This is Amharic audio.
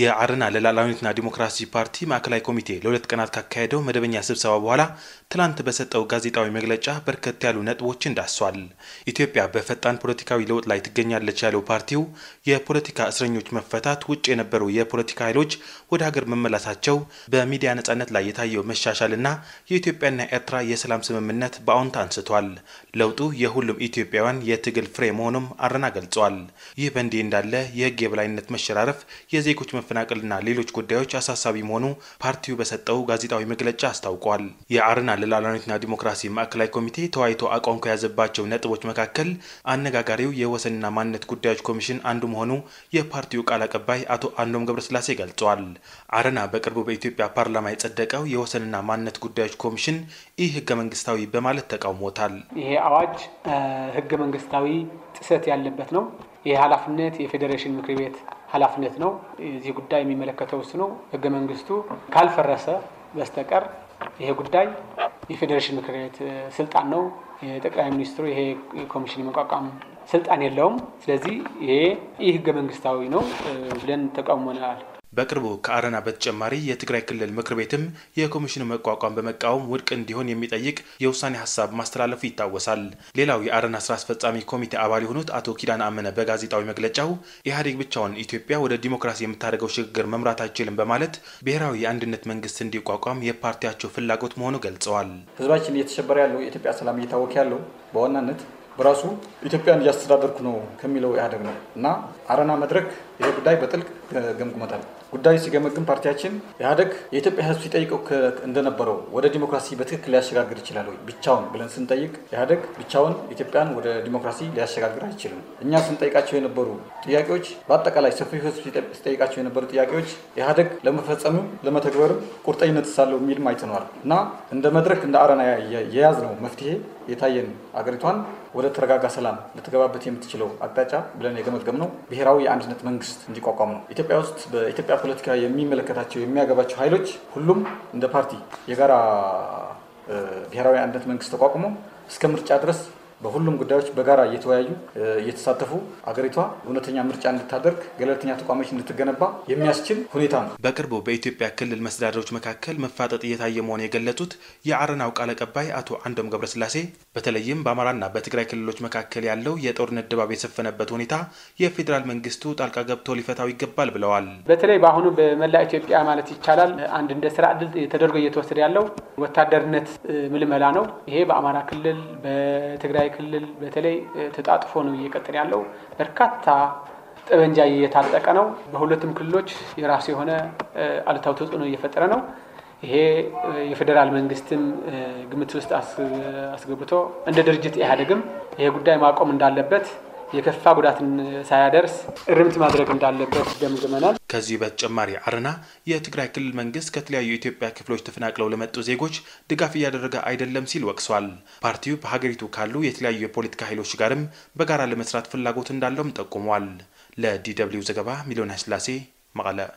የአረና ለሉዓላዊነትና ዲሞክራሲ ፓርቲ ማዕከላዊ ኮሚቴ ለሁለት ቀናት ካካሄደው መደበኛ ስብሰባ በኋላ ትላንት በሰጠው ጋዜጣዊ መግለጫ በርከት ያሉ ነጥቦችን ዳሷል። ኢትዮጵያ በፈጣን ፖለቲካዊ ለውጥ ላይ ትገኛለች ያለው ፓርቲው የፖለቲካ እስረኞች መፈታት፣ ውጭ የነበሩ የፖለቲካ ኃይሎች ወደ ሀገር መመላሳቸው፣ በሚዲያ ነጻነት ላይ የታየው መሻሻልና የኢትዮጵያና ኤርትራ የሰላም ስምምነት በአዎንታ አንስቷል። ለውጡ የሁሉም ኢትዮጵያውያን የትግል ፍሬ መሆኑም አረና ገልጿል። ይህ በእንዲህ እንዳለ የህግ የበላይነት መሸራረፍ የዜጎች መፈናቀልና ሌሎች ጉዳዮች አሳሳቢ መሆኑ ፓርቲው በሰጠው ጋዜጣዊ መግለጫ አስታውቋል። የአረና ለሉዓላዊነትና ዲሞክራሲ ማዕከላዊ ኮሚቴ ተወያይቶ አቋም ከያዘባቸው ነጥቦች መካከል አነጋጋሪው የወሰንና ማንነት ጉዳዮች ኮሚሽን አንዱ መሆኑ የፓርቲው ቃል አቀባይ አቶ አንዶም ገብረስላሴ ገልጸዋል። አረና በቅርቡ በኢትዮጵያ ፓርላማ የጸደቀው የወሰንና ማንነት ጉዳዮች ኮሚሽን ይህ ህገ መንግስታዊ በማለት ተቃውሞታል። ይሄ አዋጅ ህገ መንግስታዊ ጥሰት ያለበት ነው። ይህ ኃላፊነት የፌዴሬሽን ምክር ቤት ኃላፊነት ነው። የዚህ ጉዳይ የሚመለከተው እሱ ነው። ህገ መንግስቱ ካልፈረሰ በስተቀር ይሄ ጉዳይ የፌዴሬሽን ምክር ቤት ስልጣን ነው። የጠቅላይ ሚኒስትሩ ይሄ ኮሚሽን የመቋቋም ስልጣን የለውም። ስለዚህ ይሄ ይህ ህገ መንግስታዊ ነው ብለን ተቃውሞናል። በቅርቡ ከአረና በተጨማሪ የትግራይ ክልል ምክር ቤትም የኮሚሽኑ መቋቋም በመቃወም ውድቅ እንዲሆን የሚጠይቅ የውሳኔ ሀሳብ ማስተላለፉ ይታወሳል። ሌላው የአረና ስራ አስፈጻሚ ኮሚቴ አባል የሆኑት አቶ ኪዳን አመነ በጋዜጣዊ መግለጫው ኢህአዴግ ብቻውን ኢትዮጵያ ወደ ዲሞክራሲ የምታደርገው ሽግግር መምራት አይችልም በማለት ብሔራዊ የአንድነት መንግስት እንዲቋቋም የፓርቲያቸው ፍላጎት መሆኑ ገልጸዋል። ህዝባችን እየተሸበረ ያለው የኢትዮጵያ ሰላም እየታወክ ያለው በዋናነት በራሱ ኢትዮጵያን እያስተዳደርኩ ነው ከሚለው ኢህአዴግ ነው እና አረና መድረክ ይሄ ጉዳይ በጥልቅ ገምግመታል። ጉዳይ ሲገመግም ፓርቲያችን ኢህአዴግ የኢትዮጵያ ሕዝብ ሲጠይቀው እንደነበረው ወደ ዲሞክራሲ በትክክል ሊያሸጋግር ይችላል ወይ ብቻውን ብለን ስንጠይቅ ኢህአዴግ ብቻውን ኢትዮጵያን ወደ ዲሞክራሲ ሊያሸጋግር አይችልም። እኛ ስንጠይቃቸው የነበሩ ጥያቄዎች በአጠቃላይ ሰፊ ሕዝብ ሲጠይቃቸው የነበሩ ጥያቄዎች ኢህአዴግ ለመፈጸምም ለመተግበርም ቁርጠኝነት ሳለው የሚልም አይተነዋል እና እንደ መድረክ እንደ አረና የያዝ ነው መፍትሄ የታየን አገሪቷን ወደ ተረጋጋ ሰላም ልትገባበት የምትችለው አቅጣጫ ብለን ነው ብሔራዊ የአንድነት መንግስት እንዲቋቋም ነው። ኢትዮጵያ ውስጥ በኢትዮጵያ ፖለቲካ የሚመለከታቸው የሚያገባቸው ኃይሎች ሁሉም እንደ ፓርቲ የጋራ ብሔራዊ አንድነት መንግስት ተቋቁሞ እስከ ምርጫ ድረስ በሁሉም ጉዳዮች በጋራ እየተወያዩ እየተሳተፉ አገሪቷ እውነተኛ ምርጫ እንድታደርግ ገለልተኛ ተቋሞች እንድትገነባ የሚያስችል ሁኔታ ነው። በቅርቡ በኢትዮጵያ ክልል መስተዳደሮች መካከል መፋጠጥ እየታየ መሆን የገለጹት የአረናው ቃል አቀባይ አቶ አንዶም ገብረስላሴ በተለይም በአማራና በትግራይ ክልሎች መካከል ያለው የጦርነት ድባብ የሰፈነበት ሁኔታ የፌዴራል መንግስቱ ጣልቃ ገብቶ ሊፈታው ይገባል ብለዋል። በተለይ በአሁኑ በመላ ኢትዮጵያ ማለት ይቻላል አንድ እንደ ስራ እድል ተደርጎ እየተወሰደ ያለው ወታደርነት ምልመላ ነው። ይሄ በአማራ ክልል በትግራይ ክልል በተለይ ተጣጥፎ ነው እየቀጠለ ያለው። በርካታ ጠበንጃ እየታጠቀ ነው። በሁለቱም ክልሎች የራሱ የሆነ አሉታዊ ተጽዕኖ እየፈጠረ ነው። ይሄ የፌዴራል መንግስትም ግምት ውስጥ አስገብቶ እንደ ድርጅት ኢህአዴግም ይሄ ጉዳይ ማቆም እንዳለበት የከፋ ጉዳትን ሳያደርስ እርምት ማድረግ እንዳለበት ገምግመናል። ከዚህ በተጨማሪ አረና የትግራይ ክልል መንግስት ከተለያዩ የኢትዮጵያ ክፍሎች ተፈናቅለው ለመጡ ዜጎች ድጋፍ እያደረገ አይደለም ሲል ወቅሷል። ፓርቲው በሀገሪቱ ካሉ የተለያዩ የፖለቲካ ኃይሎች ጋርም በጋራ ለመስራት ፍላጎት እንዳለውም ጠቁመዋል። ለዲ ደብልዩ ዘገባ ሚሊዮን ስላሴ መቀለ